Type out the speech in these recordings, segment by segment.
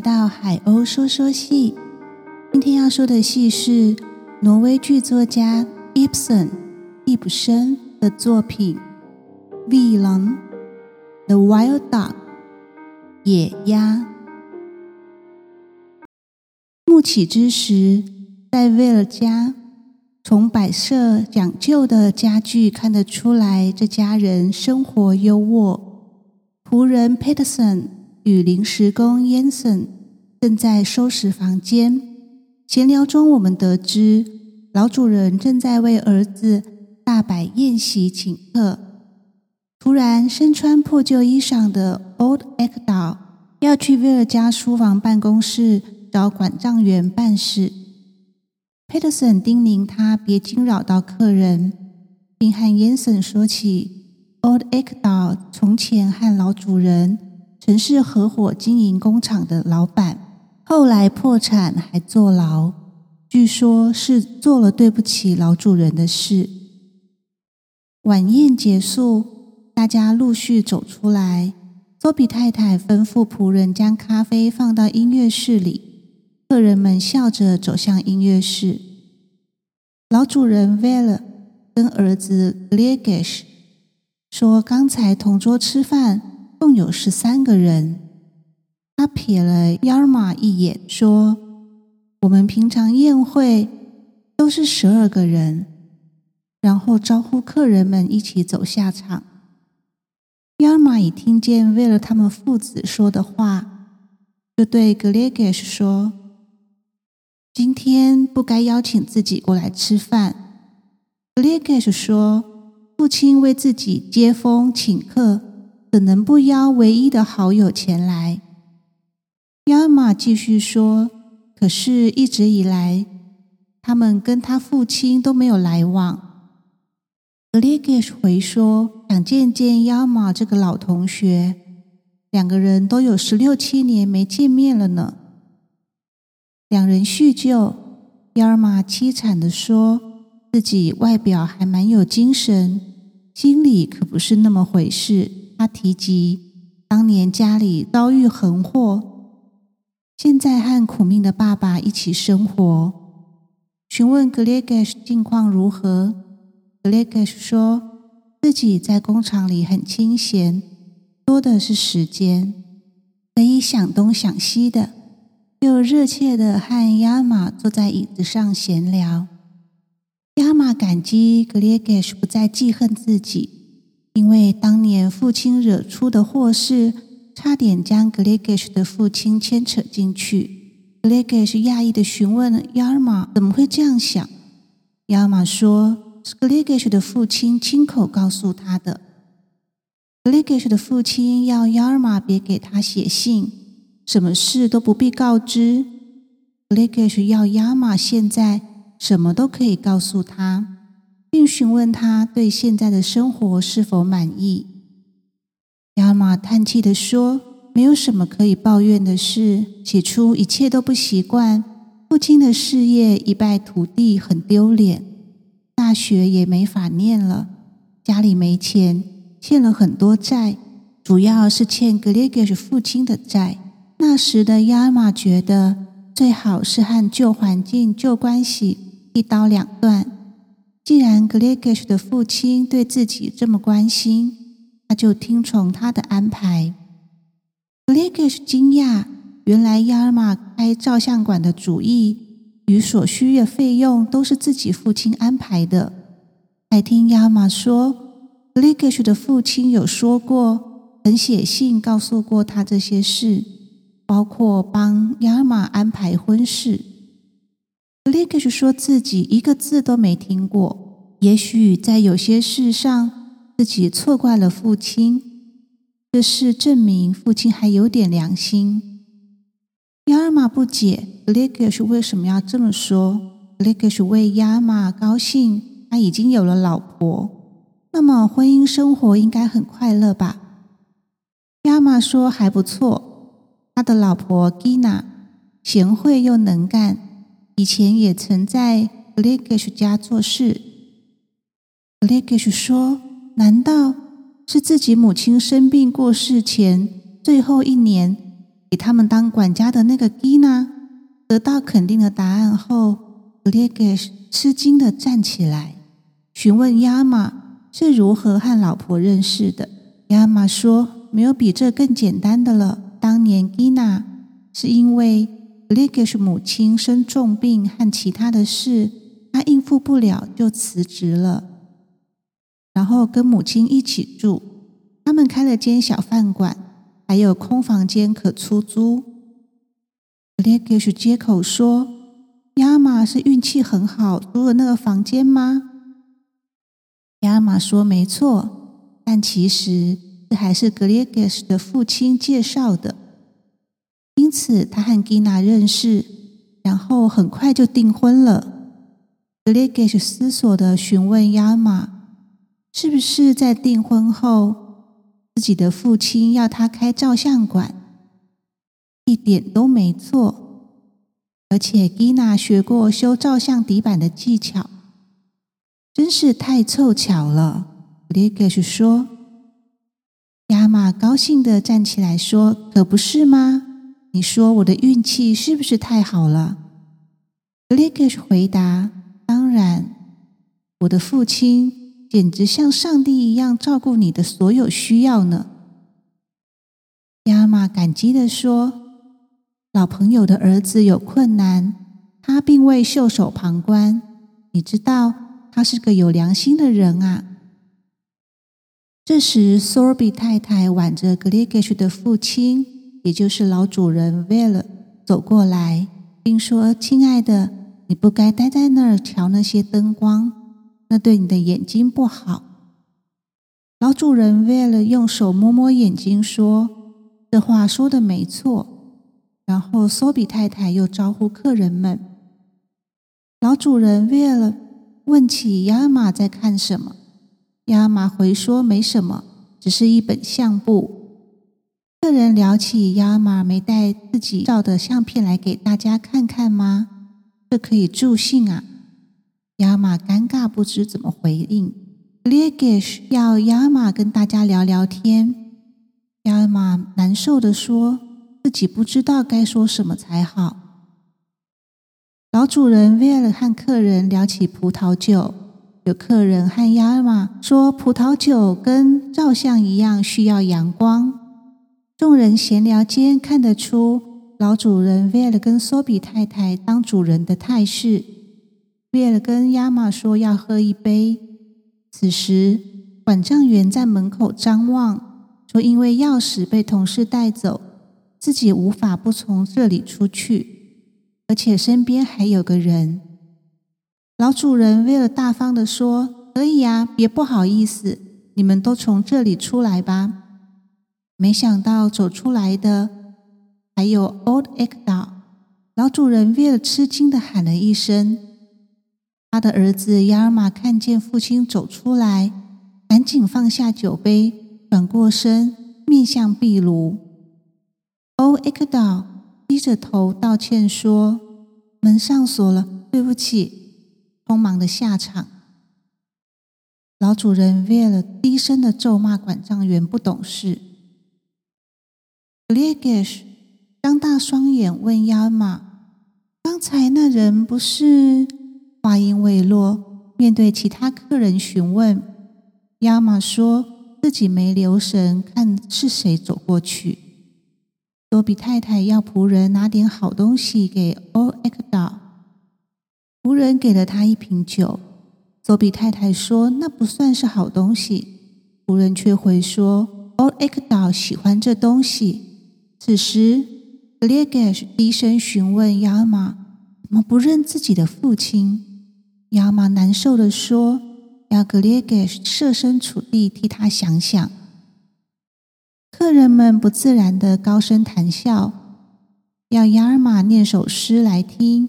到海鷗說說戲，今天要說的戲是挪威劇作家 Ibsen 易卜生的作品《Vildanden The Wild Duck 野鴨》。幕啟之時，在威爾家，從擺設講究的家具看得出來，這家人生活優渥。僕人 Peterson。與臨時工 Yanson 正在收拾房間，閒聊中我們得知老主人正在為兒子大擺宴席請客。突然，身穿破舊衣裳的 Old Ekdal 要去威爾家書房辦公室找管賬員辦事。Peterson 叮嚀他別驚擾到客人，並和 Yanson 說起 Old Ekdal 從前和老主人，曾是合夥經營工廠的老板，後來破產還坐牢，據說，是做了對不起老主人的事。晚宴結束，大家陸續走出來。托比太太吩咐僕人將咖啡放到音樂室裡。客人們笑着走向音樂室。老主人 Vale 跟兒子 Ligesh 說：“剛才同桌吃飯。”共有十三個人。他瞥了雅爾瑪一眼，說：“我們平常宴會都是十二個人。”然後招呼客人們一起走下場。雅爾瑪一聽見為了他們父子說的話，就對格列格斯說：“今天不該邀請自己過來吃飯。”格列格斯說：“父親為自己接風請客。”怎能不邀唯一的好友前來？雅爾瑪繼續說：“可是一直以來，他們跟他父親都沒有來往。”格列格斯回說：“想見見雅爾瑪這個老同學，兩個人都有十六七年沒見面了呢。”兩人敘舊，雅爾瑪淒慘的說自己外表還蠻有精神，心裡可不是那麼回事。他提及當年家裡遭遇橫禍，現在和苦命的爸爸一起生活。詢問格列格什近況如何，格列格什說自己在工廠裡很清閒，多的是時間，可以想東想西的，又熱切的和亞馬坐在椅子上閒聊。亞馬感激格列格什不再記恨自己。因為當年父親惹出的禍事，差點將格雷戈什的父親牽扯進去。格雷戈什訝異地詢問亞爾瑪：“怎麼會這樣想？”亞爾瑪說：“是格雷戈什的父親親口告訴他的。格雷戈什的父親要亞爾瑪別給他寫信，什麼事都不必告知。格雷戈什要亞爾瑪現在什麼都可以告訴他。”並詢問他對現在的生活是否滿意。亞馬嘆氣地說：“沒有什麼可以抱怨的事，起初一切都不習慣。父親的事業一敗塗地，很丟臉；大學也沒法念了，家裡沒錢，欠了很多債，主要是欠格雷格斯父親的債。那時的亞馬覺得，最好是和舊環境、舊關係一刀兩斷。”既然格 l i s h 的父親對自己這麼關心，他就聽從他的安排。格 l i s h 驚訝，原來亞爾瑪開照相館的主意與所需的費用都是自己父親安排的。還聽亞瑪說格 l i s h 的父親有說過，曾寫信告訴過他這些事，包括幫亞爾瑪安排婚事。格 l 格 g 說自己一個字都沒聽過。也許在有些事上，自己錯怪了父親。這事證明父親還有點良心。亞爾瑪不解，Blekas 為什麼要這麼說。Blekas 為亞馬高興，他已經有了老婆，那麼婚姻生活應該很快樂吧？亞馬說：“還不錯，他的老婆 Gina 賢惠又能幹，以前也曾在 Blekas 家做事。”格列戈什說：“難道是自己母親生病過世前最後一年，給他們當管家的那個吉娜？”得到肯定的答案後，格列戈什吃驚地站起來，詢問亞馬是如何和老婆認識的。亞馬說：“沒有比這更簡單的了。當年吉娜是因為格列戈什母親生重病和其他的事，她應付不了，就辭職了。”然後跟母親一起住，他們開了間小飯館，還有空房間可出租。格列格什接口說：“亞馬是運氣很好，租了那個房間嗎？”亞馬說：“沒錯。”但其實這還是格列格什的父親介紹的，因此他和吉娜認識，然後很快就訂婚了。格列格什思索地詢問亞馬。是不是在訂婚後，自己的父親要他開照相館，一點都沒錯。而且吉娜學過修照相底板的技巧，真是太湊巧了。布萊克說：“亞瑪高興地站起來說，可不是嗎？你說我的運氣是不是太好了？”布萊克回答：“當然，我的父親。”簡直像上帝一樣照顧你的所有需要呢。”亞瑪感激地說，“老朋友的兒子有困難，他並未袖手旁觀。你知道，他是個有良心的人啊。”這時，索爾比太太挽着格列格什的父親，也就是老主人維勒走過來，並說：“親愛的，你不該待在那兒瞧那些燈光。”那對你的眼睛不好。老主人威爾用手摸摸眼睛，說：“這話說的沒錯。”然後索比太太又招呼客人們。老主人威爾問起雅瑪在看什麼，雅瑪回說：“沒什麼，只是一本相簿。”客人聊起雅瑪沒帶自己照的相片來給大家看看嗎？這可以助興啊。亞馬尷尬，不知怎麼回應。列給是要亞馬跟大家聊聊天。亞馬難受的說，自己不知道該說什麼才好。老主人威爾和客人聊起葡萄酒，有客人和亞馬說，葡萄酒跟照相一樣需要陽光。眾人閒聊間，看得出老主人威爾跟索比太太當主人的態勢。威爾跟亞瑪說要喝一杯。此時，管賬員在門口張望，說因為鑰匙被同事帶走，自己無法不從這裡出去，而且身邊還有個人。老主人威爾大方的說：“可以呀、啊，別不好意思，你們都從這裡出來吧。”沒想到走出來的還有 Old Ekdal。老主人威爾吃驚的喊了一聲。他的兒子雅爾瑪看見父親走出來，趕緊放下酒杯，轉過身面向壁爐。歐埃克島低着頭道歉說：“門上鎖了，對不起。”匆忙的下場。老主人威爾低聲的咒罵管賬員不懂事。格列戈什張大雙眼問雅爾瑪，剛才那人不是？”話音未落，面對其他客人詢問，亞馬說自己沒留神看是誰走過去。多比太太要僕人拿點好東西給奧埃克島，僕人給了他一瓶酒。多比太太說：“那不算是好東西。”僕人卻回說：“奧埃克島喜歡這東西。”此時，格列戈低聲詢問亞馬：“怎麼不認自己的父親？”亞馬難受地說：“要格列格設身處地替他想想。”客人們不自然地高聲談笑，要亞馬念首詩來聽。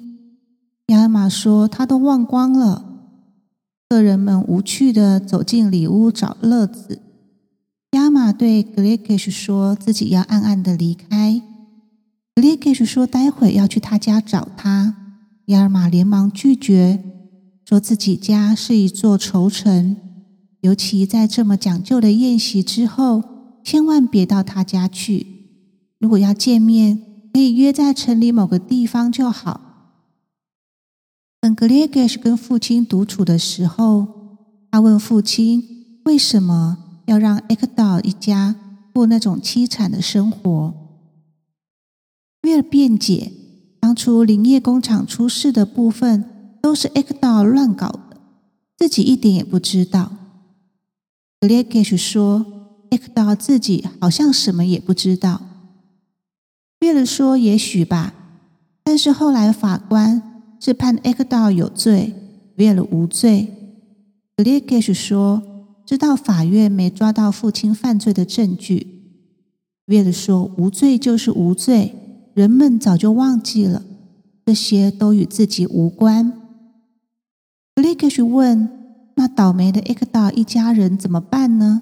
亞馬說他都忘光了。客人們無趣地走進裡屋找樂子。亞馬對格列格說：“自己要暗暗的離開。”格列格說：“待會要去他家找他。”亞馬連忙拒絕。說自己家是一座愁城，尤其在這麼講究的宴席之後，千萬別到他家去。如果要見面，可以約在城裡某個地方就好。本格列戈跟父親獨處的時候，他問父親為什麼要讓艾克道一家過那種淒慘的生活，為了辯解當初林業工廠出事的部分，都是 Ekdal 亂搞的，自己一點也不知道。格列蓋什說：“ Ekdal 自己好像什麼也不知道。”維爾說：“也許吧。”但是後來法官是判 Ekdal 有罪，維爾無罪。格列蓋什說：“知道法院沒抓到父親犯罪的證據。”維爾說：“無罪就是無罪，人們早就忘記了，這些都與自己無關。”立刻去問：“那倒霉的埃克道一家人怎麼辦呢？”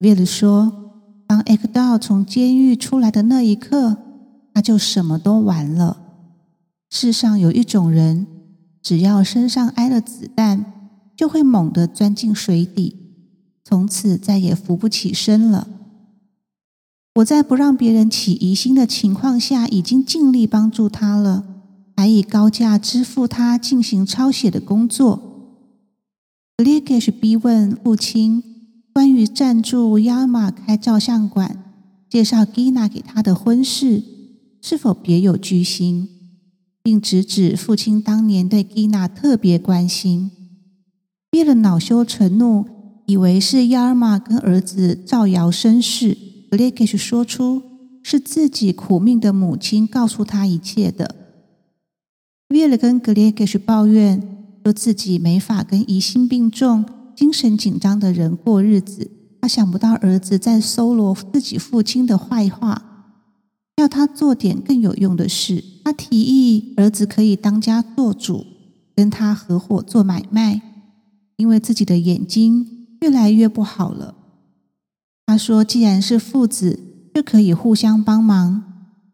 維爾說：“當埃克道從監獄出來的那一刻，他就什麼都完了。世上有一種人，只要身上挨了子彈，就會猛地鑽進水底，從此再也浮不起身了。我在不讓別人起疑心的情況下，已經盡力幫助他了。”還以高價支付他進行抄寫的工作。Blekish 逼問父親關於贊助亞爾瑪開照相館、介紹 Gina 給他的婚事是否別有居心，並直指父親當年對 Gina 特別關心，逼得惱羞成怒，以為是亞爾瑪跟兒子造謠生事。Blekish 說出是自己苦命的母親告訴他一切的。為了跟格列格什抱怨，說自己沒法跟疑心病重、精神緊張的人過日子，他想不到兒子在搜羅自己父親的壞話，要他做點更有用的事。他提議兒子可以當家做主，跟他合夥做買賣，因為自己的眼睛越來越不好了。他說：“既然是父子，就可以互相幫忙。”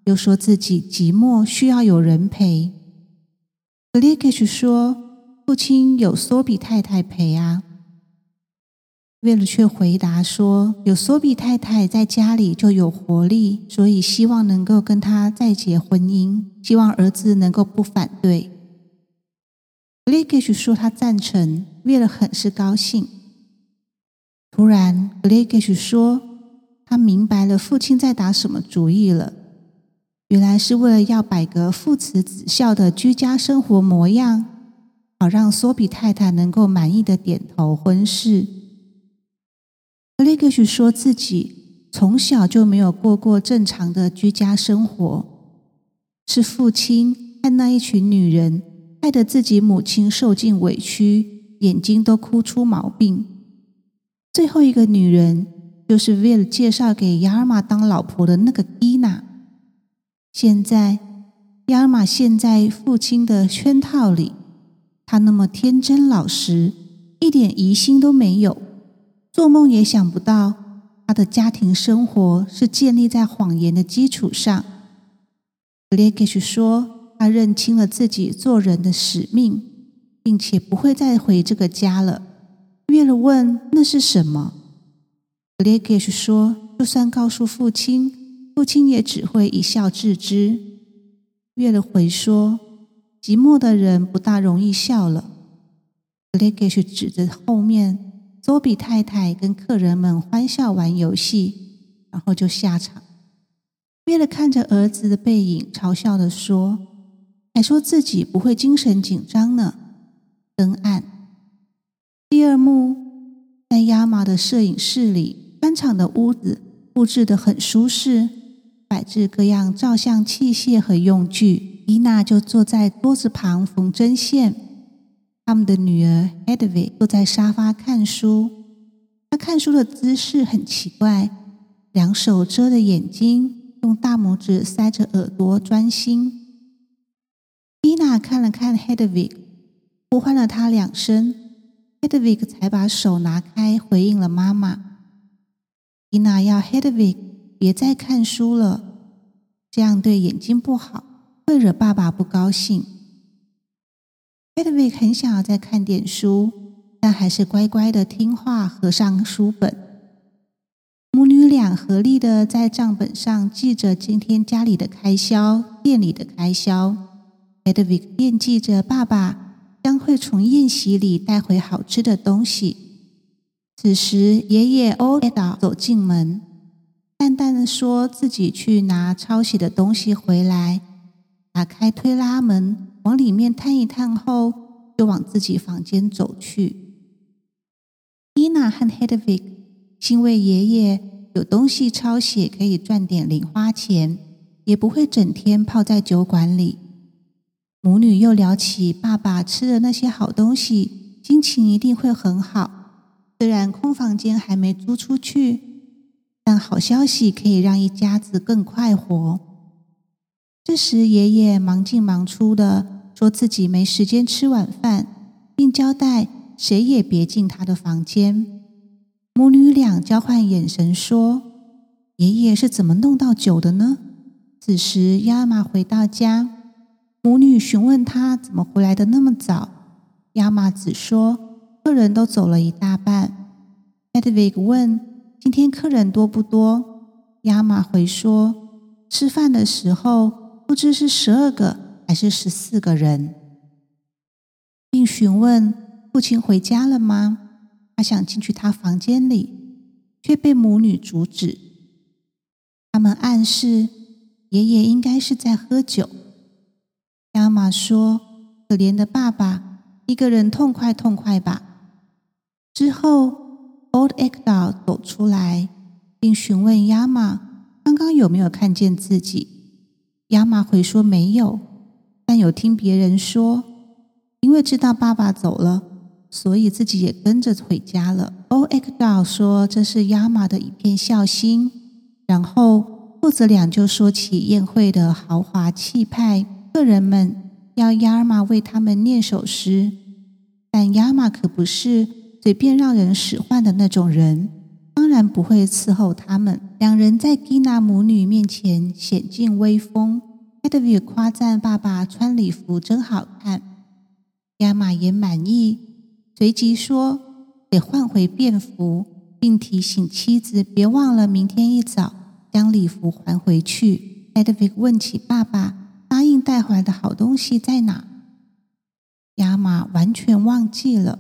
又說自己寂寞，需要有人陪。格雷格斯說：“父親有索比太太陪啊。”威利卻回答說：“有索比太太在家裡就有活力，所以希望能夠跟他再結婚姻，希望兒子能夠不反對。”格雷格斯說他贊成，威利很是高興。突然，格雷格斯說：“他明白了父親在打什麼主意了。”原來是為了要擺個父慈子孝的居家生活模樣，好讓索比太太能夠滿意的點頭婚事。格雷格許說自己從小就沒有過過正常的居家生活，是父親愛那一群女人，害得自己母親受盡委屈，眼睛都哭出毛病。最後一個女人，就是為了介紹給雅爾瑪當老婆的那個蒂娜。現在，亞爾瑪陷在父親的圈套裡。他那麼天真老實，一點疑心都沒有，做夢也想不到他的家庭生活是建立在謊言的基礎上。格列戈什說，他認清了自己做人的使命，並且不會再回這個家了。約爾問：“那是什麼？”格列戈什說：“就算告訴父親。”父親也只會一笑置之。約了回說，寂寞的人不大容易笑了。l 布萊克指着後面，b 比太太跟客人們歡笑玩遊戲，然後就下場。約了看着兒子的背影，嘲笑地說：“還說自己不會精神緊張呢。”燈暗。第二幕在亞麻的攝影室裡，寬敞的屋子布置得很舒適。擺置各樣照相器械和用具，伊娜就坐在桌子旁縫針線。他們的女兒 Hedwig 坐在沙發看書，她看書的姿勢很奇怪，兩手遮着眼睛，用大拇指塞着耳朵專心。伊娜看了看 Hedwig，呼喚了她兩聲，Hedwig 才把手拿開回應了媽媽。伊娜要 Hedwig。別再看書了，這樣對眼睛不好，會惹爸爸不高興。Hedvig 很想要再看點書，但還是乖乖的聽話，合上書本。母女倆合力的在賬本上記着今天家裡的開銷、店裡的開銷。Hedvig 惦記着爸爸將會從宴席裡帶回好吃的東西。此時，爺爺 Ekdal 走進門。淡淡的說：“自己去拿抄寫的東西回來，打開推拉門，往裡面探一探後，就往自己房間走去。”伊娜和 Hedvig 因為爺爺有東西抄寫，可以賺點零花錢，也不會整天泡在酒館裡。母女又聊起爸爸吃的那些好東西，心情一定會很好。雖然空房間還沒租出去。但好消息可以讓一家子更快活。這時，爺爺忙進忙出的，說自己沒時間吃晚飯，並交代誰也別進他的房間。母女倆交換眼神，說：“爺爺是怎麼弄到酒的呢？”此時，亞馬回到家，母女詢問他怎麼回來的那麼早。亞馬只說：“客人都走了一大半。” Hedvig 問。今天客人多不多？亞瑪回說，吃飯的時候不知是十二個還是十四個人，並詢問父親回家了嗎？他想進去他房間裡，卻被母女阻止。他們暗示爺爺應該是在喝酒。亞瑪說：“可憐的爸爸，一個人痛快痛快吧。”之後，Old Ekdal 走出來，並詢問亞馬剛剛有沒有看見自己。亞馬回說沒有，但有聽別人說，因為知道爸爸走了，所以自己也跟着回家了。Old Ekdal 說這是亞馬的一片孝心。然後父子倆就說起宴會的豪華氣派，客人們要亞馬為他們念首詩，但亞馬可不是。隨便讓人使喚的那種人，當然不會伺候他們。兩人在基娜母女面前顯盡威風。艾德維誇讚爸爸穿禮服真好看，亞瑪也滿意。隨即說：“得換回便服，並提醒妻子別忘了明天一早將禮服還回去。”艾德維問起爸爸答應帶回來的好東西在哪，亞瑪完全忘記了。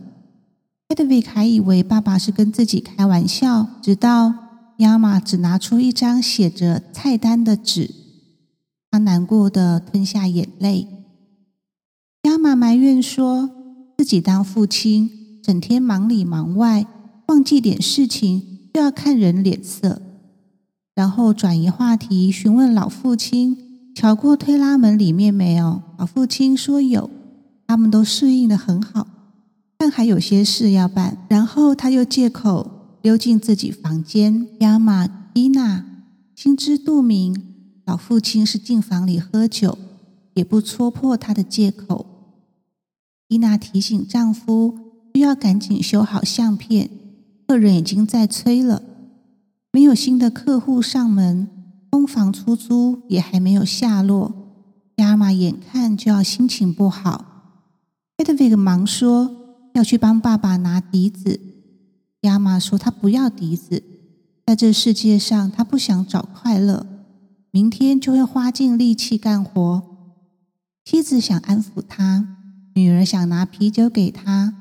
艾德維還以為爸爸是跟自己開玩笑，直到亞瑪只拿出一張寫着菜單的紙。他難過的吞下眼淚。亞瑪埋怨說：“自己當父親，整天忙裡忙外，忘記點事情，就要看人臉色。”然後轉移話題，詢問老父親：“瞧過推拉門裡面沒有？”老父親說：“有，他們都適應的很好。”但還有些事要辦，然後他又借口溜進自己房間。亞馬伊娜心知肚明，老父親是進房裡喝酒，也不戳破他的借口。伊娜提醒丈夫，需要趕緊修好相片，客人已經在催了。沒有新的客戶上門，工房出租也還沒有下落。亞馬眼看就要心情不好，艾德維格忙說。要去幫爸爸拿笛子，亞瑪說他不要笛子，在這世界上他不想找快樂，明天就會花盡力氣幹活。妻子想安撫他，女兒想拿啤酒給他，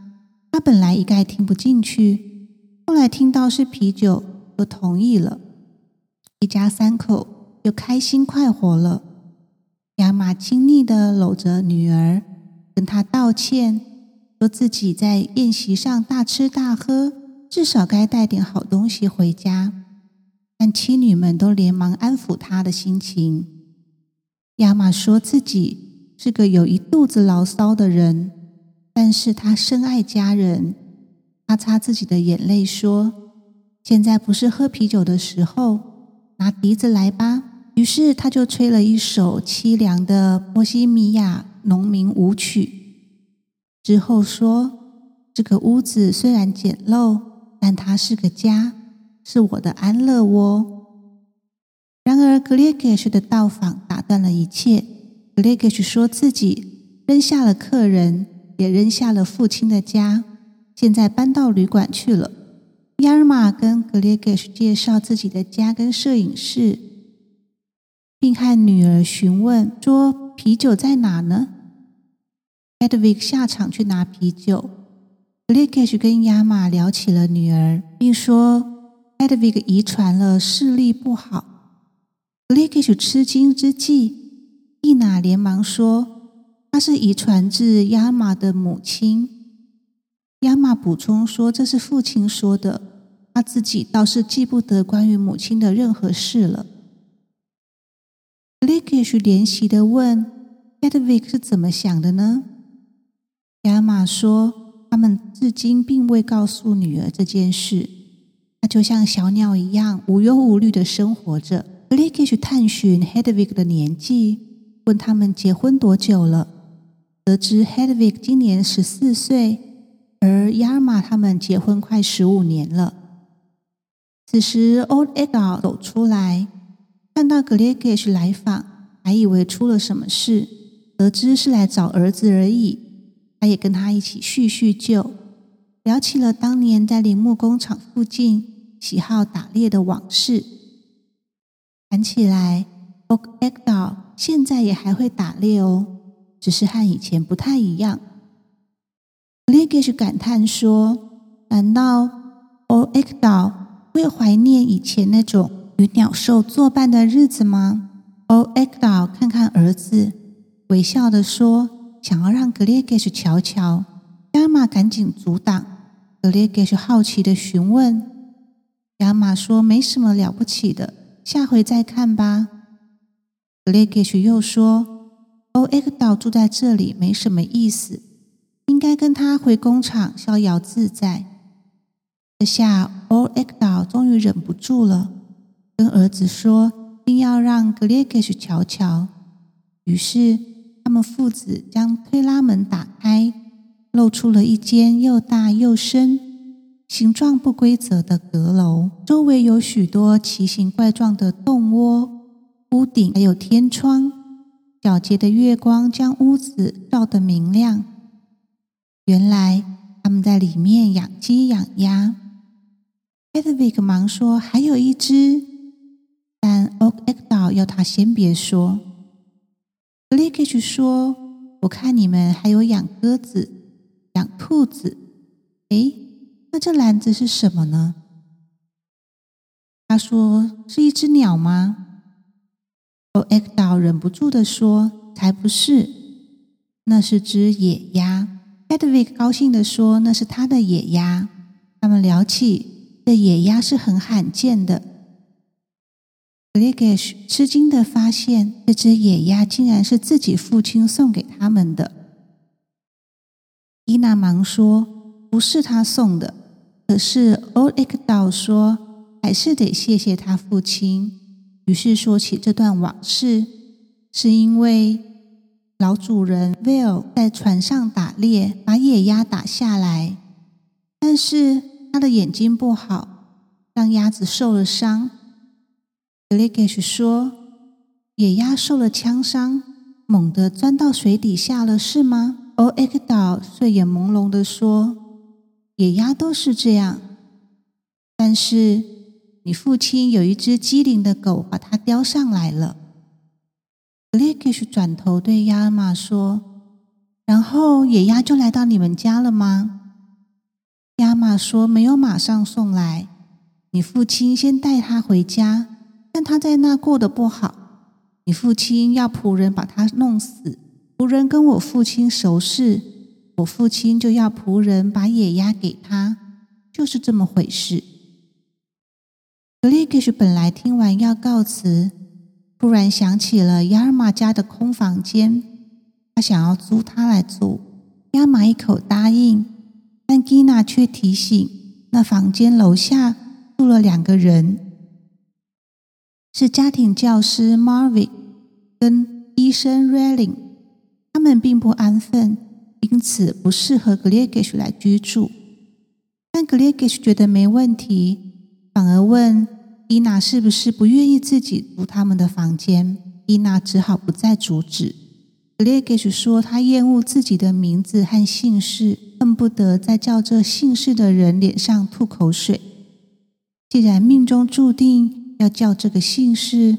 他本來一概聽不進去，後來聽到是啤酒，就同意了。一家三口又開心快活了，亞瑪親昵地摟着女兒，跟她道歉。說自己在宴席上大吃大喝，至少該帶點好東西回家。但妻女們都連忙安撫他的心情。亞瑪說自己是個有一肚子牢騷的人，但是他深愛家人。他擦自己的眼淚說：“現在不是喝啤酒的時候，拿笛子來吧。”於是他就吹了一首淒涼的波西米亞農民舞曲。之後說：“這個屋子雖然簡陋，但它是個家，是我的安樂窩。”然而，格列格什的到訪打斷了一切。格列格什說自己扔下了客人，也扔下了父親的家，現在搬到旅館去了。亞爾馬跟格列格什介紹自己的家跟攝影室，並和女兒詢問說：“啤酒在哪呢？” Edvic 下場去拿啤酒，Blickish 跟亞瑪聊起了女兒，並說 Edvic 遺傳了視力不好。Blickish 吃驚之際，伊娜連忙說：“她是遺傳自亞瑪的母親。”亞瑪補充說：“這是父親說的，她自己倒是記不得關於母親的任何事了。”Blickish 憐惜的問：“Edvic 是怎麼想的呢？”亞馬說：“他們至今並未告訴女兒這件事。她就像小鳥一樣無憂無慮的生活着。”格雷戈斯探尋 Hedvig 的年紀，問他們結婚多久了。得知 Hedvig 今年十四歲，而亞馬他們結婚快十五年了。此時 Old Ekdal 走出來，看到格雷戈斯來訪，還以為出了什麼事，得知是來找兒子而已。他也跟他一起敘敘舊，聊起了當年在林木工廠附近喜好打獵的往事。談起來，艾克達爾現在也還會打獵哦，只是和以前不太一樣。Legish 感嘆說：“難道艾克達爾會懷念以前那種與鳥獸作伴的日子嗎？”艾克達爾看看兒子，微笑地說。想要讓格列戈什瞧瞧，亞馬趕緊阻擋。格列戈什好奇地詢問。亞馬說：“沒什麼了不起的，下回再看吧。”格列戈什又說：“奧埃克島住在這裡沒什麼意思，應該跟他回工廠逍遙自在。”這下奧埃克島終於忍不住了，跟兒子說：“一定要讓格列戈什瞧瞧。”於是。他們父子將推拉門打開，露出了一間又大又深、形狀不規則的閣樓。周圍有許多奇形怪狀的洞窩，屋頂還有天窗。皎潔的月光將屋子照得明亮。原來他們在裡面養雞養鴨。Edvig 忙說：“還有一隻。”但 Ekdal 要他先別說。格雷格去說：“我看你們還有養鴿子、養兔子。誒，那這籃子是什麼呢？”他說：“是一只鳥嗎？”Oxell、哦、忍不住的說：“才不是，那是只野鴨。”Edwig 高興的說：“那是他的野鴨。”他們聊起這野鴨是很罕見的。格里給斯吃驚的發現，這只野鴨竟然是自己父親送給他們的。伊娜忙說：“不是他送的。”可是 Oleg 道說：“說還是得謝謝他父親。”於是說起這段往事：“是因為老主人威爾在船上打獵，把野鴨打下來，但是他的眼睛不好，讓鴨子受了傷。”格列戈什說：“野鴨受了槍傷，猛地鑽到水底下了，是嗎？”奧埃克島睡眼朦朧地說：“野鴨都是這樣，但是你父親有一隻機靈的狗，把它叼上來了。”格列戈什轉頭對雅爾瑪說：“然後野鴨就來到你們家了嗎？”雅爾瑪說：“沒有，馬上送來。你父親先帶它回家。”但他在那過得不好，你父親要僕人把他弄死。僕人跟我父親熟識，我父親就要僕人把野鴨給他，就是這麼回事。格列克斯本來聽完要告辭，突然想起了亞爾瑪家的空房間，他想要租他來住。亞瑪一口答應，但基娜卻提醒，那房間樓下住了兩個人。是家庭教師 Marvin 跟醫生 Relling，他們並不安分，因此不適合 Gleagish 來居住。但 Gleagish 覺得沒問題，反而問伊娜是不是不願意自己租他們的房間。伊娜只好不再阻止。Gleagish 說他厭惡自己的名字和姓氏，恨不得在叫這姓氏的人臉上吐口水。既然命中注定。要叫這個姓氏，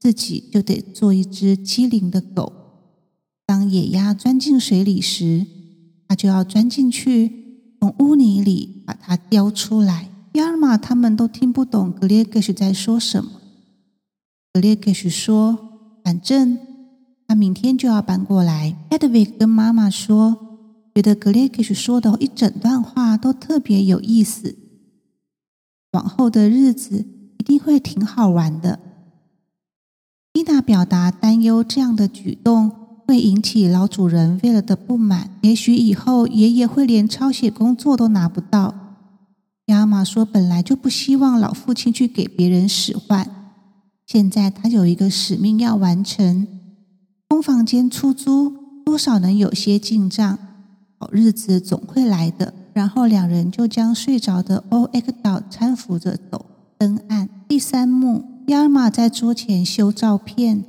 自己就得做一隻機靈的狗。當野鴨鑽進水裡時，它就要鑽進去，從污泥裡把它叼出來。亞爾瑪他們都聽不懂格列格什在說什麼。格列格什說：“反正他明天就要搬過來。”艾德維跟媽媽說：“覺得格列格什說的一整段話都特別有意思。”往後的日子。一定會挺好玩的。伊娜表達擔憂，這樣的舉動會引起老主人維爾的不滿。也許以後爺爺會連抄寫工作都拿不到。亞瑪說：“本來就不希望老父親去給別人使喚。現在他有一個使命要完成。空房間出租，多少能有些進賬。好日子總會來的。”然後兩人就將睡着的 Oxl 攙扶着走。登岸。第三幕，亞爾瑪在桌前修照片。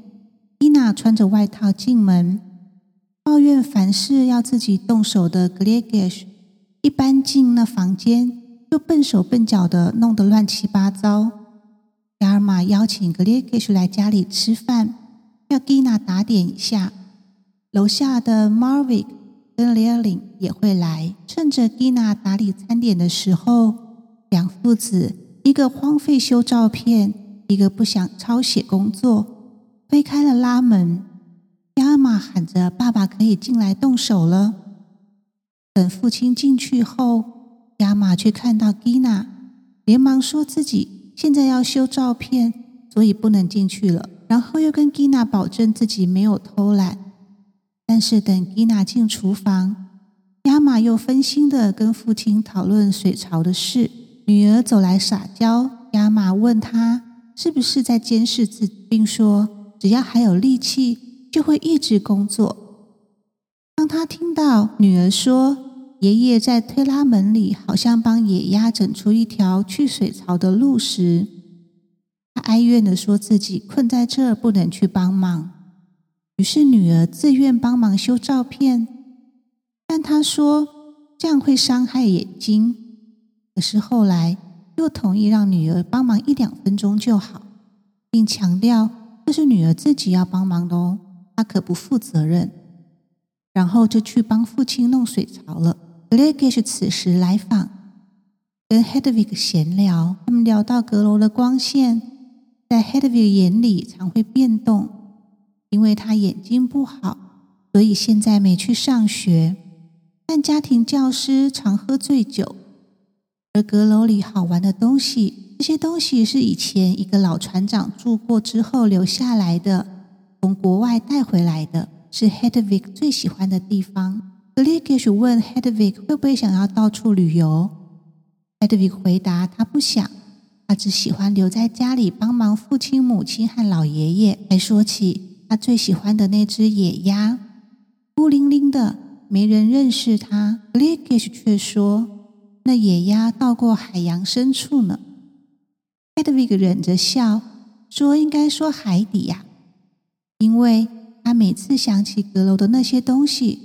伊娜穿着外套進門，抱怨凡事要自己動手的格列戈什，一搬進那房間就笨手笨腳的，弄得亂七八糟。亞爾瑪邀請格列戈什來家裡吃飯，要蒂娜打點一下。樓下的馬威克跟 Leiling 也會來。趁着蒂娜打理餐點的時候，兩父子。一個荒廢修照片，一個不想抄寫工作，推開了拉門。亞馬喊着：“爸爸可以進來動手了。”等父親進去後，亞馬卻看到 Gina，連忙說自己現在要修照片，所以不能進去了。然後又跟 Gina 保證自己沒有偷懶。但是等 Gina 進廚房，亞馬又分心的跟父親討論水槽的事。女兒走來撒嬌，亞瑪問她是不是在監視自己，並說只要還有力氣，就會一直工作。當她聽到女兒說爺爺在推拉門裡，好像幫野鴨整出一條去水槽的路時，她哀怨地說自己困在這不能去幫忙。於是女兒自願幫忙修照片，但她說這樣會傷害眼睛。可是後來又同意讓女兒幫忙一兩分鐘就好，並強調這是女兒自己要幫忙的哦，她可不負責任。然後就去幫父親弄水槽了。格列戈什此時來訪，跟 Hedwig 閒聊，他們聊到閣樓的光線，在 Hedwig 眼裡常會變動，因為他眼睛不好，所以現在沒去上學。但家庭教師常喝醉酒。而閣樓裡好玩的東西，這些東西是以前一個老船長住過之後留下來的，從國外帶回來的，是 Hedvig 最喜歡的地方。Gligish 問 Hedvig 會不會想要到處旅遊，Hedvig 回答他不想，他只喜歡留在家裡幫忙父親、母親和老爺爺。還說起他最喜歡的那隻野鴨，孤零零的，沒人認識他。Gligish 卻說。那野鴨到過海洋深處呢？Edvig 忍着笑說：“應該說海底呀，啊，因為他每次想起閣樓的那些東西，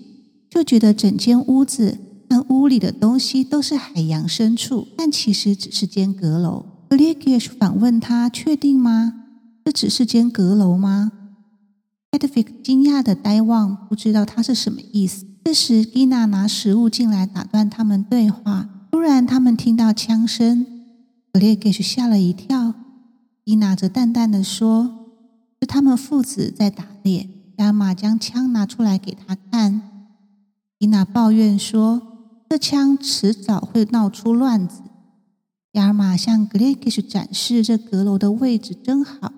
就覺得整間屋子和屋裡的東西都是海洋深處，但其實只是間閣樓。”Bliagish 反問他：“確定嗎？這只是間閣樓嗎？”Edvig 驚訝的呆望，不知道他是什麼意思。這時 Gina 拿食物進來，打斷他們對話。突然，他們聽到槍聲，格列給什嚇了一跳。伊娜則淡淡的說：“是他們父子在打獵。”亞爾馬將槍拿出來給他看。伊娜抱怨說：“這槍遲早會鬧出亂子。”亞爾馬向格列給什展示這閣樓的位置真好，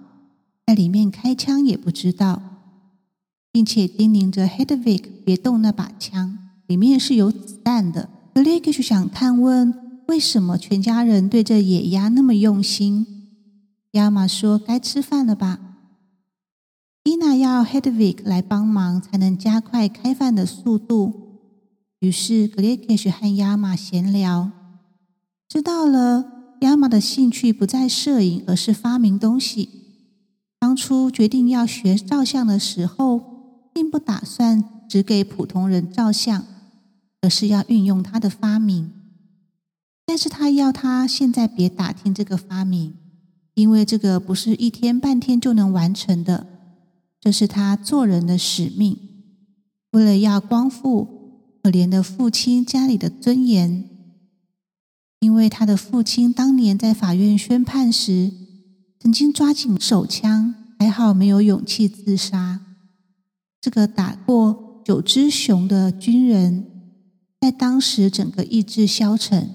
在裡面開槍也不知道，並且叮嚀着 Hedvig 別動那把槍，裡面是有子彈的。格列克想探問為什麼全家人對這野鴨那麼用心？亞馬說：“該吃飯了吧？”伊娜要 Hedvig 來幫忙，才能加快開飯的速度。於是格列克和亞馬閒聊，知道了亞馬的興趣不在攝影，而是發明東西。當初決定要學照相的時候，並不打算只給普通人照相。而是要運用他的發明，但是他要他現在別打聽這個發明，因為這個不是一天半天就能完成的。這是他做人的使命，為了要光復可憐的父親家裡的尊嚴，因為他的父親當年在法院宣判時，曾經抓緊手槍，還好沒有勇氣自殺。這個打過九隻熊的軍人。在當時，整個意志消沉。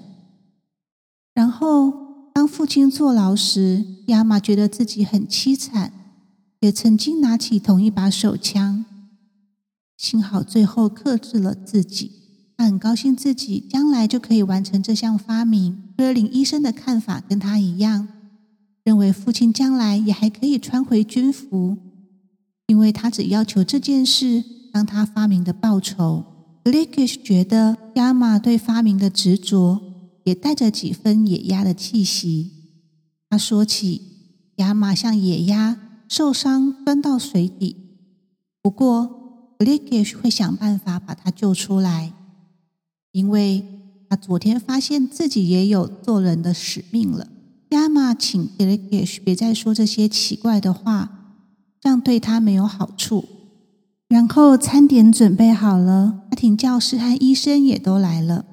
然後，當父親坐牢時，亞馬覺得自己很淒慘，也曾經拿起同一把手槍。幸好最後克制了自己。他很高興自己將來就可以完成這項發明。科林醫生的看法跟他一樣，認為父親將來也還可以穿回軍服，因為他只要求這件事當他發明的報酬。格雷格斯覺得亞馬對發明的執着也帶着幾分野鴨的氣息。他說起亞馬像野鴨，受傷鑽到水底，不過格雷格斯會想辦法把他救出來，因為他昨天發現自己也有做人的使命了。亞馬請格雷格斯別再說這些奇怪的話，這樣對他沒有好處。然後餐點準備好了，家庭教師和醫生也都來了。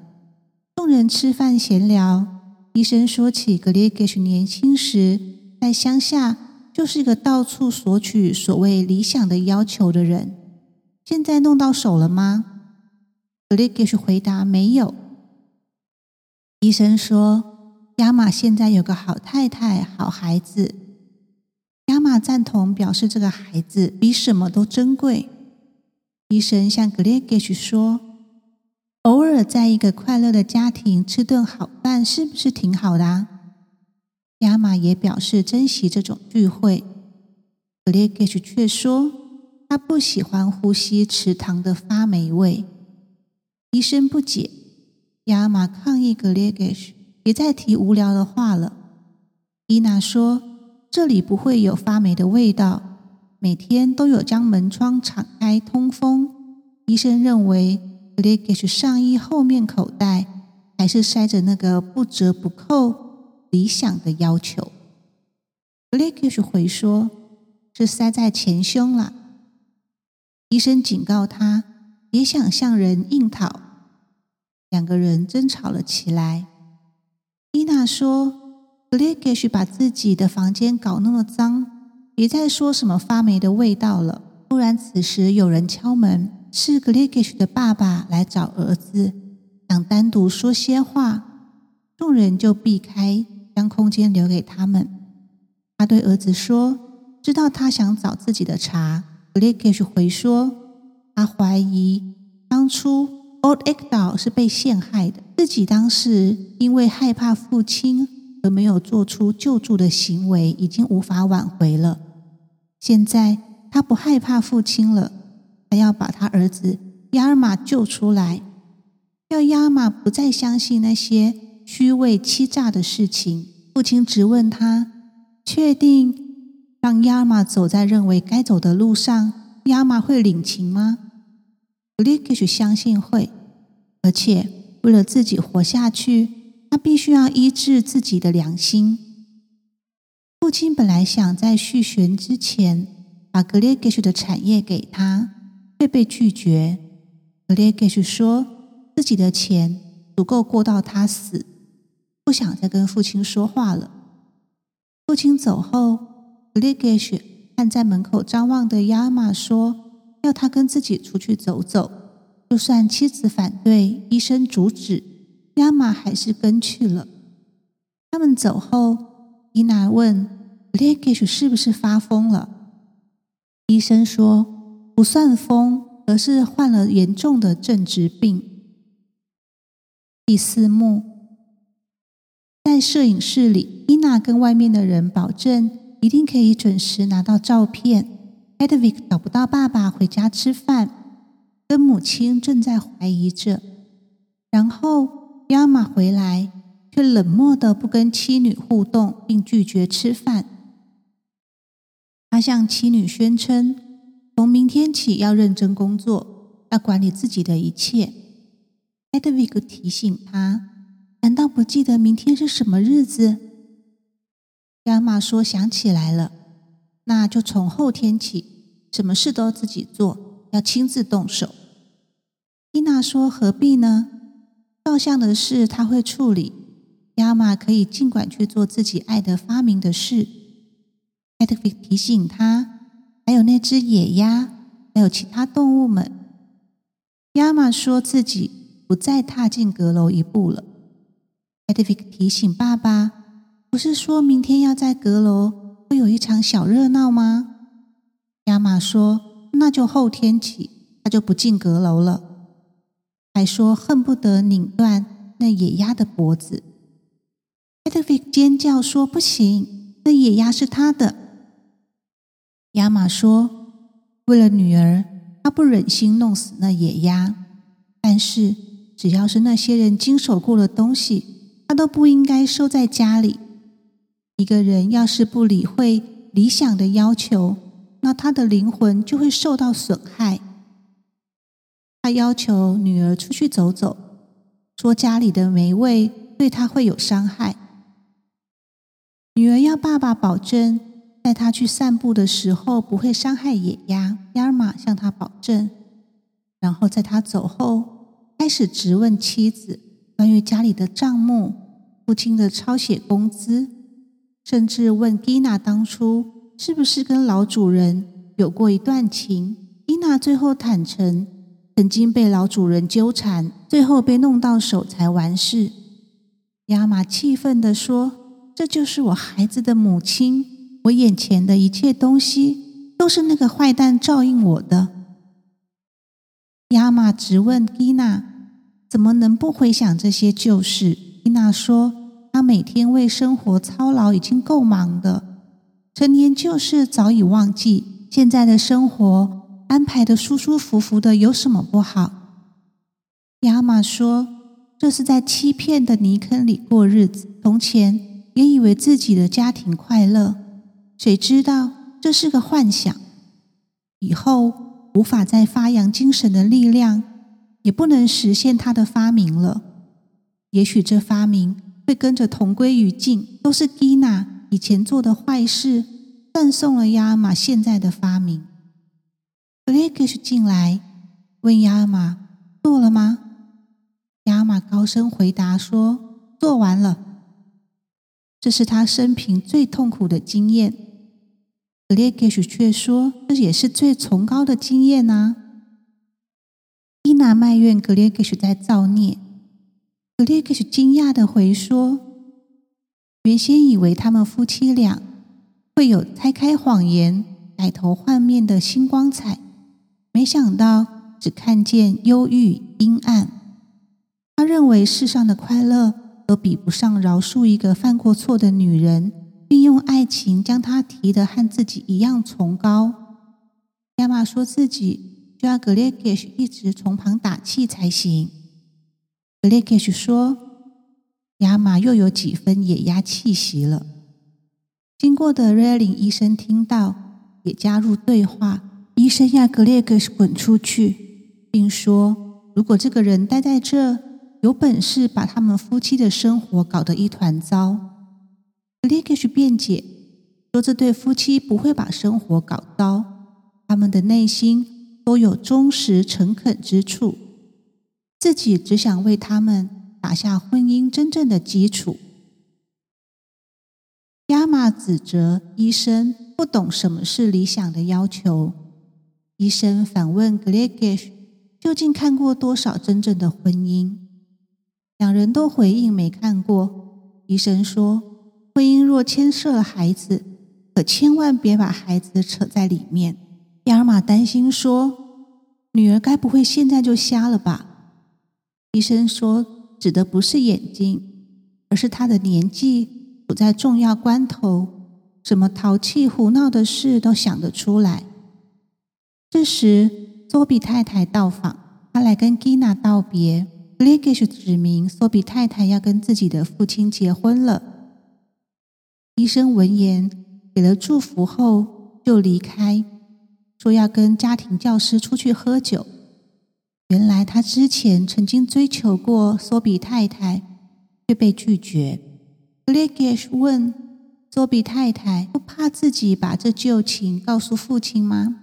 眾人吃飯閒聊，醫生說起格列戈什年輕時在鄉下就是一個到處索取所謂理想的要求的人。現在弄到手了嗎？格列戈什回答沒有。醫生說：“亞瑪現在有個好太太，好孩子。”亞瑪贊同表示，這個孩子比什麼都珍貴。醫生向格列給什說：“偶爾在一個快樂的家庭吃頓好飯，是不是挺好的啊？”亞馬也表示珍惜這種聚會。格列給什卻說：“他不喜歡呼吸池塘的發霉味。”醫生不解，亞馬抗議格列給什：“別再提無聊的話了。”伊娜說：“這裡不會有發霉的味道。”每天都有將門窗敞開通風。醫生認為 Kleikish 上衣後面口袋還是塞着那個不折不扣理想的要求。Kleikish 回說：“是塞在前胸了。”醫生警告他：“別想向人硬討。”兩個人爭吵了起來。伊娜說：“ Kleikish 把自己的房間搞那麼髒。”別再說什麼發霉的味道了。突然，此時有人敲門，是 Gligish 的爸爸來找兒子，想單獨說些話。眾人就避開，將空間留給他們。他對兒子說：“知道他想找自己的碴。” Gligish 回說：“他懷疑當初 Old Ekdal 是被陷害的，自己當時因為害怕父親。”而沒有做出救助的行為，已經無法挽迴了。現在他不害怕父親了，他要把他兒子亞爾瑪救出來，要亞瑪不再相信那些虛偽欺詐的事情。父親質問他，確定讓亞瑪走在認為該走的路上，亞瑪會領情嗎？布列克許相信會，而且為了自己活下去。他必須要醫治自己的良心。父親本來想在續弦之前把格列蓋許的產業給他，卻被拒絕。格列蓋許說自己的錢足夠過到他死，不想再跟父親說話了。父親走後，格列蓋許按在門口張望的亞瑪說：“要他跟自己出去走走，就算妻子反對，醫生阻止。”亞瑪還是跟去了。他們走後，伊娜問：“Luggage 是不是發瘋了？”醫生說：“不算瘋，而是患了嚴重的正直病。”第四幕在攝影室裡，伊娜跟外面的人保證一定可以準時拿到照片。Edvick 找不到爸爸回家吃飯，跟母親正在懷疑着，然後。亞馬回來，卻冷漠地不跟妻女互動，並拒絕吃飯。他向妻女宣稱，從明天起要認真工作，要管理自己的一切。Edwig 提醒他：“難道不記得明天是什麼日子？”亞馬說：“想起來了，那就從後天起，什麼事都自己做，要親自動手。”伊娜說：“何必呢？”照相的事他會處理，亞瑪可以儘管去做自己愛的發明的事。Hedvig 提醒他，還有那只野鴨，還有其他動物們。亞瑪說自己不再踏進閣樓一步了。Hedvig 提醒爸爸，不是說明天要在閣樓會有一場小熱鬧嗎？亞瑪說，那就後天起，他就不進閣樓了。還說恨不得擰斷那野鴨的脖子。艾特菲尖叫說：“不行，那野鴨是他的。”亞瑪說：“為了女兒，他不忍心弄死那野鴨。但是只要是那些人經手過的東西，他都不應該收在家裡。一個人要是不理會理想的要求，那他的靈魂就會受到損害。”要求女兒出去走走，說家裡的霉味對她會有傷害。女兒要爸爸保證，帶她去散步的時候不會傷害野鴨。亞馬向她保證，然後在她走後開始質問妻子關於家裡的賬目、父親的抄寫工資，甚至問基娜當初是不是跟老主人有過一段情。基娜最後坦誠。曾經被老主人糾纏，最後被弄到手才完事。亞馬氣憤地說：“這就是我孩子的母親，我眼前的一切東西都是那個壞蛋照應我的。”亞馬直問蒂娜：“怎麼能不回想這些舊事？”蒂娜說：“她每天為生活操勞已經夠忙的，陳年舊事早已忘記，現在的生活。”安排的舒舒服服的有什麼不好？亞馬說：“這是在欺騙的泥坑裡過日子。從前也以為自己的家庭快樂，誰知道這是個幻想？以後無法再發揚精神的力量，也不能實現他的發明了。也許這發明會跟着同歸於盡。都是蒂娜以前做的壞事，斷送了亞馬現在的發明。”格列格什進來問亞爾瑪：“做了嗎？”亞爾瑪高聲回答說：“做完了。”這是他生平最痛苦的經驗。格列格什卻說：“這也是最崇高的經驗吶、啊！”伊娜埋怨格列格什在造孽。格列格什驚訝地回說：“原先以為他們夫妻倆會有拆開謊言、改頭換面的新光彩。”沒想到，只看見憂鬱陰暗。他認為世上的快樂都比不上饒恕一個犯過錯的女人，並用愛情將她提得和自己一樣崇高。亞馬說自己就要格列契一直從旁打氣才行。格列契說：“亞馬又有幾分野鴨氣息了。”經過的瑞林醫生聽到，也加入對話。醫生要格列格斯滾出去，並說：“如果這個人待在這，有本事把他們夫妻的生活搞得一團糟。”格列格斯辯解說：“這對夫妻不會把生活搞糟，他們的內心都有忠實誠懇之處，自己只想為他們打下婚姻真正的基礎。”亞瑪指責醫生不懂什麼是理想的要求。醫生反問格雷格：“究竟看過多少真正的婚姻？”兩人都回應沒看過。醫生說：“婚姻若牽涉了孩子，可千萬別把孩子扯在裡面。”亞爾瑪擔心說：“女兒該不會現在就瞎了吧？”醫生說：“指的不是眼睛，而是她的年紀處在重要關頭，什麼淘氣胡鬧的事都想得出來。”這時，索比太太到訪，他來跟吉娜道別。格列戈什指明，索比太太要跟自己的父親結婚了。醫生聞言給了祝福後就離開，說要跟家庭教師出去喝酒。原來他之前曾經追求過索比太太，卻被拒絕。格列戈什問索比太太：“不怕自己把這舊情告訴父親嗎？”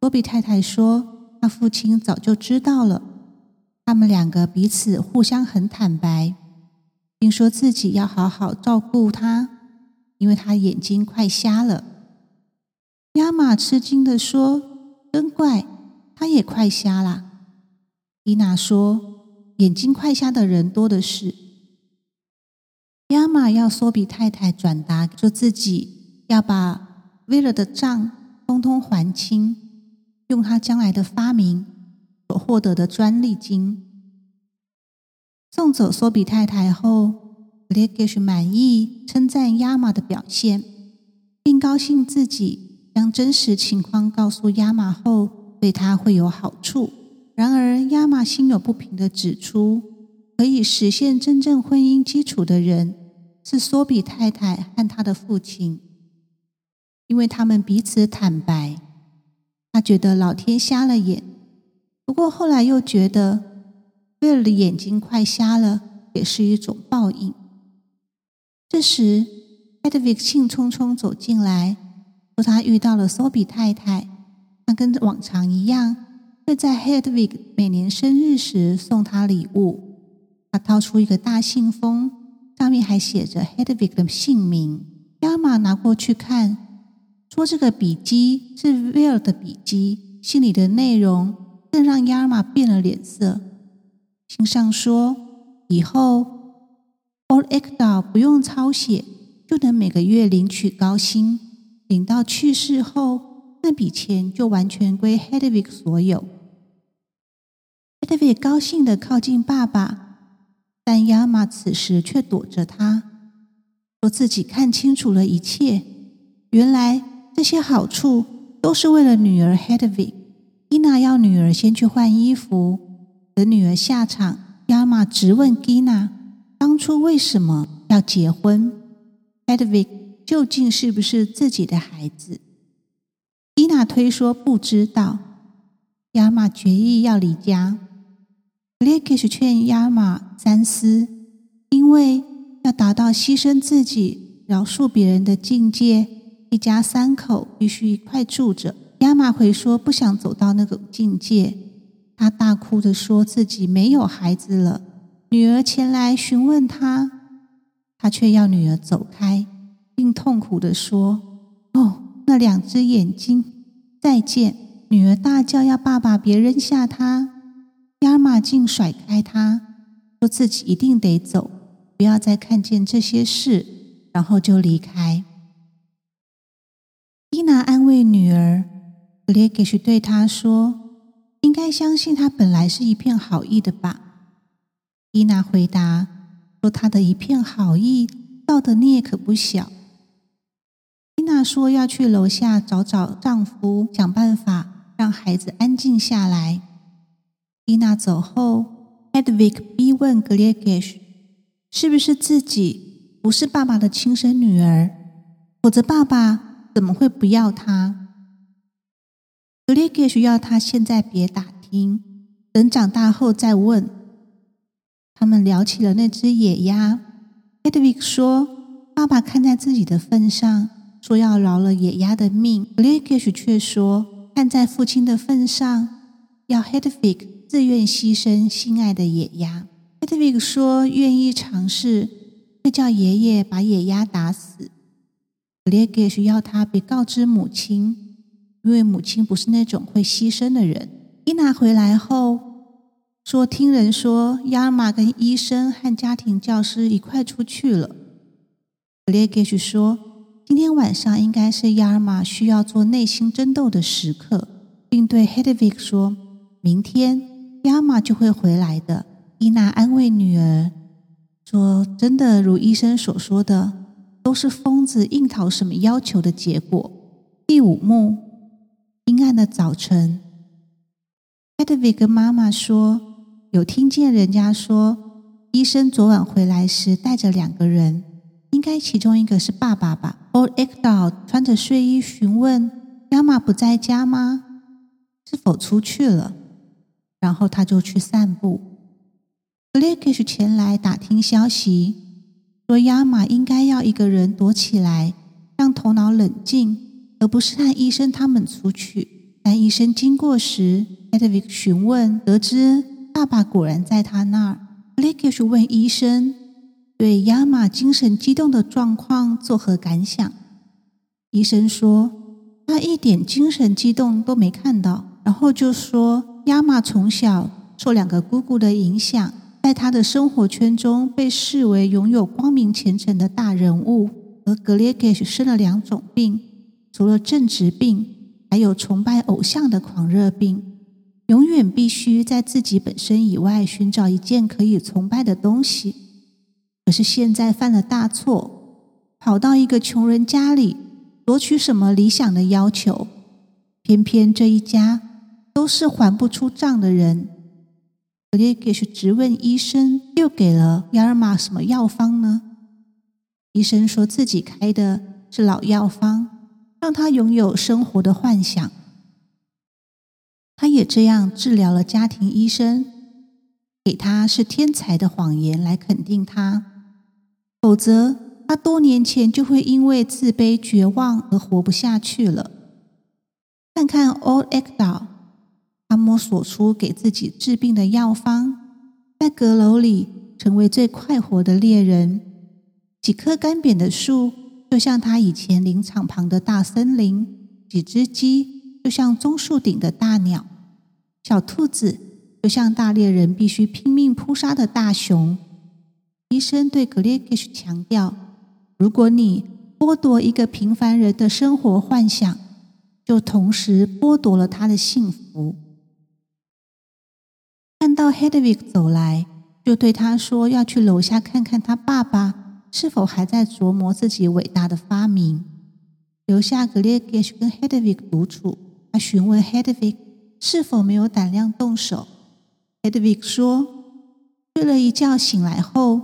索比太太說：“他父親早就知道了，他們兩個彼此互相很坦白，並說自己要好好照顧他，因為他眼睛快瞎了。”亞馬吃驚地說：“真怪，他也快瞎了。”伊娜說：“眼睛快瞎的人多的是。”亞馬要索比太太轉達，說自己要把威爾的賬通通還清。用他將來的發明所獲得的專利金。送走索比太太後，布萊克什滿意，稱讚亞瑪的表現，並高興自己將真實情況告訴亞瑪後對他會有好處。然而，亞瑪心有不平的指出，可以實現真正婚姻基礎的人是索比太太和他的父親，因為他們彼此坦白。他覺得老天瞎了眼，不過後來又覺得，威爾的眼睛快瞎了，也是一種報應。這時 Hedvig 興沖沖走進來說，他遇到了索比太太，他跟往常一樣，會在 Hedvig 每年生日時送他禮物。他掏出一個大信封，上面還寫着 Hedvig 的姓名。亞馬拿過去看。說這個筆跡是威爾、e er、的筆跡，信裡的內容更讓亞爾瑪變了臉色。信上說，以後 Old、e、Ekdal 不用抄寫，就能每個月領取高薪，領到去世後，那筆錢就完全歸 Hedwig 所有。Hedwig 高興地靠近爸爸，但亞爾瑪此時卻躲着他，說自己看清楚了一切，原來。這些好處都是為了女兒 Hedvig，吉娜要女兒先去換衣服，等女兒下場，亞瑪質問吉娜當初為什麼要結婚？Hedvig 究竟是不是自己的孩子？吉娜推說不知道。亞瑪決意要離家。Blackish 勸亞瑪三思，因為要達到犧牲自己、饒恕別人的境界。一家三口必須一塊住着。亞馬回說：“不想走到那個境界。”他大哭着說：“自己沒有孩子了。”女兒前來詢問他，他卻要女兒走開，並痛苦的說：“哦，那兩只眼睛，再見！”女兒大叫：“要爸爸別扔下他！”亞馬竟甩開他，說自己一定得走，不要再看見這些事，然後就離開。娜安慰女兒，格列給對她說：“應該相信她本來是一片好意的吧？”伊娜回答說：“她的一片好意造的孽可不小。”伊娜說要去樓下找找丈夫，想辦法讓孩子安靜下來。伊娜走後，愛德維克逼問格列給，是不是自己不是爸爸的親生女兒？否則爸爸……”怎麼會不要他？Gleikish 要他現在別打聽，等長大後再問。他們聊起了那只野鴨。Hedvig 說：“爸爸看在自己的份上，說要饒了野鴨的命。”Gleikish 卻說：“看在父親的份上，要 Hedvig 自願犧牲心愛的野鴨。”Hedvig 說：“願意嘗試，會叫爺爺把野鴨打死。”列吉要他別告知母親，因為母親不是那種會犧牲的人。伊娜回來後說：“聽人說，亞爾瑪跟醫生和家庭教師一塊出去了。”列吉說：“今天晚上應該是亞爾瑪需要做內心爭鬥的時刻。”並對 Hedvig 說：“明天亞瑪就會回來的。”伊娜安慰女兒說：“真的如醫生所說的。”都是瘋子硬討什麼要求的結果。第五幕，陰暗的早晨。e d v i g 媽媽說：“有聽見人家說，醫生昨晚回來時帶着兩個人，應該其中一個是爸爸吧。o l Ekdal 穿着睡衣詢問：“媽媽不在家嗎？是否出去了？”然後他就去散步。b l c k i s h 前來打聽消息。說：“亞馬應該要一個人躲起來，讓頭腦冷靜，而不是讓醫生他們出去。但醫生經過時，Edwic 詢問，得知爸爸果然在他那兒。Lekish 問醫生，對亞馬精神激動的狀況作何感想？醫生說他一點精神激動都沒看到，然後就說亞馬從小受兩個姑姑的影響。”在他的生活圈中，被視為擁有光明前程的大人物。而格列格什生了兩種病，除了正直病，還有崇拜偶像的狂熱病。永遠必須在自己本身以外尋找一件可以崇拜的東西。可是現在犯了大錯，跑到一個窮人家裡，奪取什麼理想的要求，偏偏這一家都是還不出賬的人。我爹給是質問醫生，又給了亞爾瑪什麼藥方呢？醫生說自己開的是老藥方，讓他擁有生活的幻想。他也這樣治療了家庭醫生，給他是天才的謊言來肯定他，否則他多年前就會因為自卑、絕望而活不下去了。看看 Old Ekdal。E 他摸索出給自己治病的藥方，在閣樓裡成為最快活的獵人。幾棵乾癟的樹，就像他以前林場旁的大森林；幾只雞，就像棕樹頂的大鳥；小兔子，就像大獵人必須拼命撲殺的大熊。醫生對格列格什強調：“如果你剝奪一個平凡人的生活幻想，就同時剝奪了他的幸福。”看到 Hedvig 走來，就對他說要去樓下看看他爸爸是否還在琢磨自己偉大的發明。留下 Gregers 跟 Hedvig 獨處，他詢問 Hedvig 是否沒有膽量動手。Hedvig 說，睡了一覺醒來後，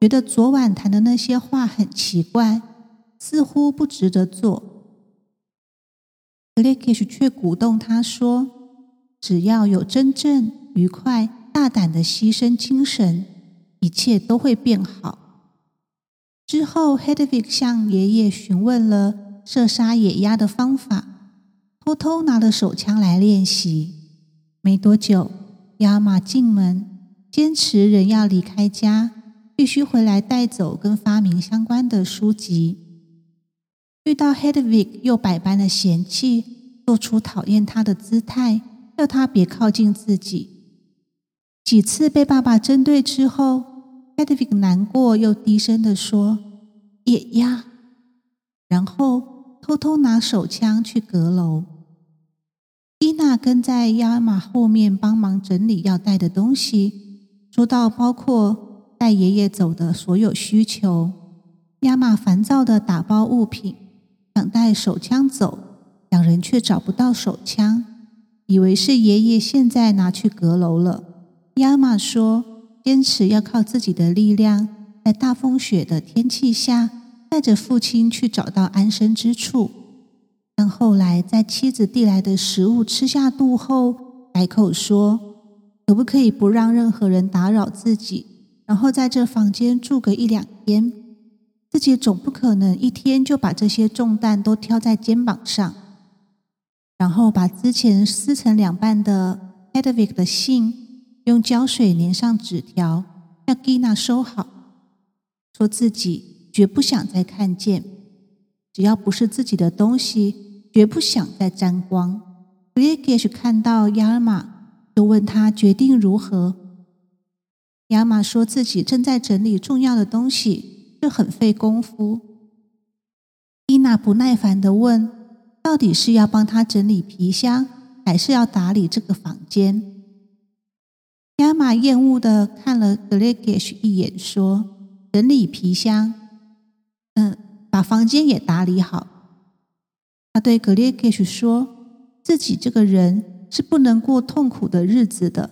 覺得昨晚談的那些話很奇怪，似乎不值得做。Gregers 卻鼓動他說，只要有真正。愉快、大膽的犧牲精神，一切都會變好。之後，Hedvig 向爺爺詢問了射殺野鴨的方法，偷偷拿了手槍來練習。沒多久，亞瑪進門，堅持仍要離開家，必須回來帶走跟發明相關的書籍。遇到 Hedvig 又百般的嫌棄，做出討厭他的姿態，要他別靠近自己。幾次被爸爸針對之後，Hedvig 難過又低聲地說：“野鴨。”然後偷偷拿手槍去閣樓。伊娜跟在亞馬後面幫忙整理要帶的東西，說到包括帶爺爺走的所有需求。亞馬煩躁地打包物品，想帶手槍走，兩人卻找不到手槍，以為是爺爺現在拿去閣樓了。亞馬說：“堅持要靠自己的力量，在大風雪的天氣下，帶着父親去找到安身之處。”但後來，在妻子遞來的食物吃下肚後，改口說：“可不可以不讓任何人打擾自己？然後在這房間住個一兩天，自己總不可能一天就把這些重擔都挑在肩膀上。”然後把之前撕成兩半的 Hedvig 的信，用膠水粘上紙條，要吉娜收好，說自己絕不想再看見，只要不是自己的東西，絕不想再沾光。維耶奇看到亞馬，就問他決定如何。亞馬說自己正在整理重要的東西，這很費功夫。吉娜不耐煩的問：“到底是要幫他整理皮箱，還是要打理這個房間？”亞馬厭惡地看了格列格一眼，說：“整理皮箱，嗯，把房間也打理好。”他對格列格說：“自己這個人是不能過痛苦的日子的，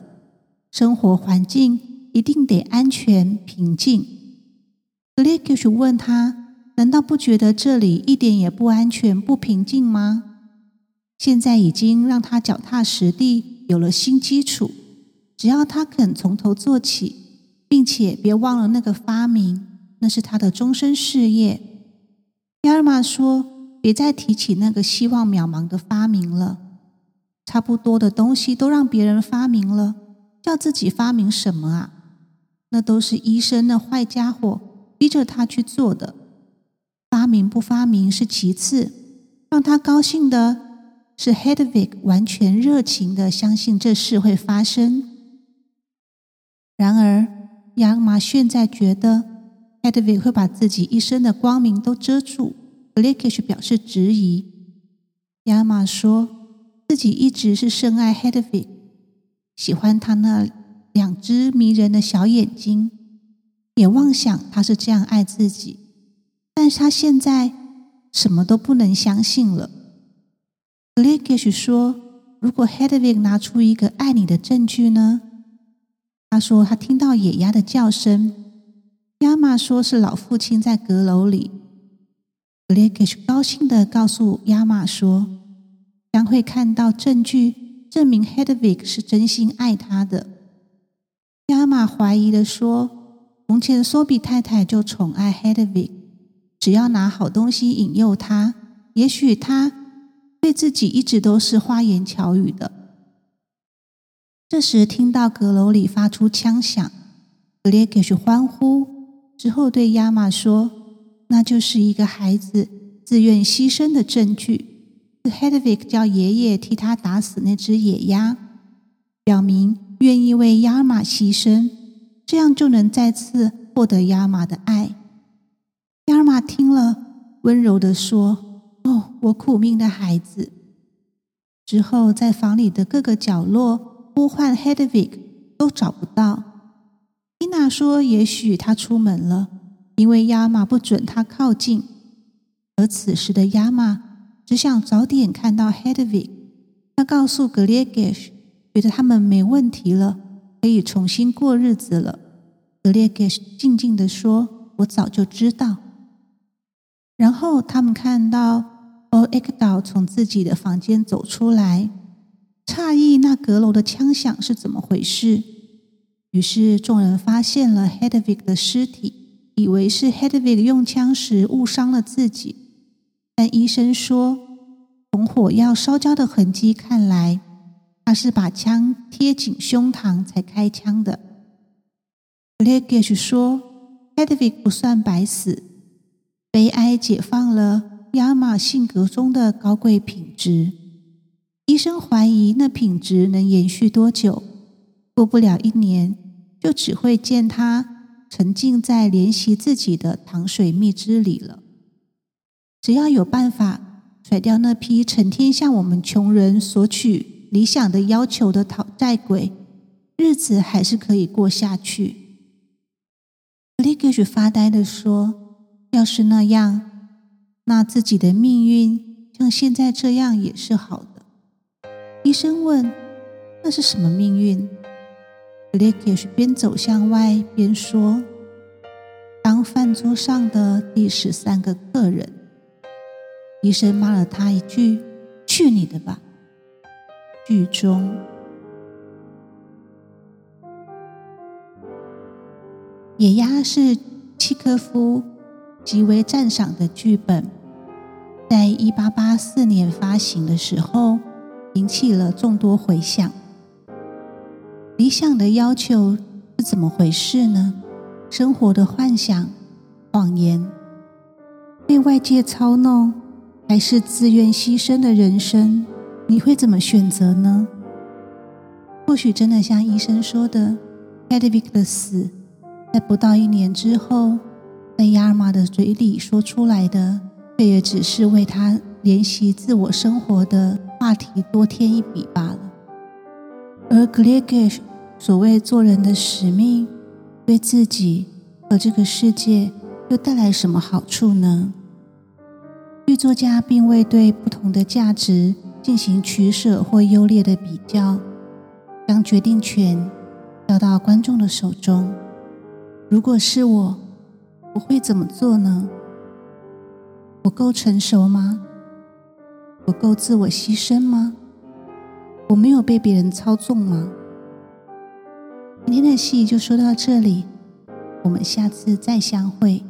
生活環境一定得安全平靜。”格列格問他：“難道不覺得這裡一點也不安全、不平靜嗎？現在已經讓他腳踏實地，有了新基礎。”只要他肯從頭做起，並且別忘了那個發明，那是他的終身事業。亞爾瑪說：“別再提起那個希望渺茫的發明了，差不多的東西都讓別人發明了，叫自己發明什麼啊？那都是醫生那壞家伙逼着他去做的。發明不發明是其次，讓他高興的是，Hedvig 完全熱情地相信這事會發生。”然而，亞馬現在覺得 Hedvig 會把自己一生的光明都遮住。Glitchik 表示質疑。亞馬說自己一直是深愛 Hedvig，喜歡他那兩只迷人的小眼睛，也妄想他是這樣愛自己。但是他現在什麼都不能相信了。Glitchik 說：“如果 Hedvig 拿出一個愛你的證據呢？”他說他聽到野鴨的叫聲，亞馬說是老父親在閣樓裡。布萊克高興地告訴亞瑪說，將會看到證據證明海德維克是真心愛他的。亞瑪懷疑地說，從前索比太太就寵愛海德維克，只要拿好東西引誘他，也許他對自己一直都是花言巧語的。這時聽到閣樓裡發出槍響，格列戈什歡呼之後對亞爾瑪說：“那就是一個孩子自願犧牲的證據。” Hedvig 叫爺爺替他打死那隻野鴨，表明願意為亞爾瑪犧牲，這樣就能再次獲得亞爾瑪的愛。亞爾瑪聽了，溫柔地說：“哦，我苦命的孩子。”之後在房裡的各個角落。呼喚 Hedvig 都找不到，伊娜說：“也許他出門了，因為亞馬不准他靠近。”而此時的亞馬只想早點看到 Hedvig。他告訴格列戈：“覺得他們沒問題了，可以重新過日子了。”格列戈靜靜地說：“我早就知道。”然後他們看到 OX 克從自己的房間走出來。詫異那閣樓的槍響是怎麼回事？於是眾人發現了 Hedvig 的屍體，以為是 Hedvig 用槍時誤傷了自己。但醫生說，從火藥燒焦的痕跡看來，他是把槍貼緊胸膛才開槍的。Kleage 說，Hedvig 不算白死，悲哀解放了亞馬性格中的高貴品質。醫生懷疑那品質能延續多久？過不了一年，就只會見他沉浸在憐惜自己的糖水蜜汁裡了。只要有辦法甩掉那批成天向我們窮人索取理想的要求的討債鬼，日子還是可以過下去。利格什發呆的說：“要是那樣，那自己的命運像現在這樣也是好的。”醫生問：“那是什麼命運？”格列齊克是邊走向外邊說：“當飯桌上的第十三個客人。”醫生罵了他一句：“去你的吧！”劇中野鴨是契訶夫極為讚賞的劇本，在一八八四年發行的時候。引起了眾多回響。理想的要求是怎麼回事呢？生活的幻想、謊言，被外界操弄，還是自願犧牲的人生？你會怎麼選擇呢？或許真的像醫生說的，Hedvig 的死，在不到一年之後，在 Hjalmar 的嘴裡說出來的，卻也只是為他練習自我生活的。話題多添一筆罷了。而格列高 e 所謂做人的使命，對自己和這個世界又帶來什麼好處呢？劇作家並未對不同的價值進行取捨或優劣的比較，將決定權交到，到觀眾的手中。如果是我，我會怎麼做呢？我夠成熟嗎？不夠自我犧牲嗎？我沒有被別人操縱嗎？今天的戲就說到這裡，我們下次再相會。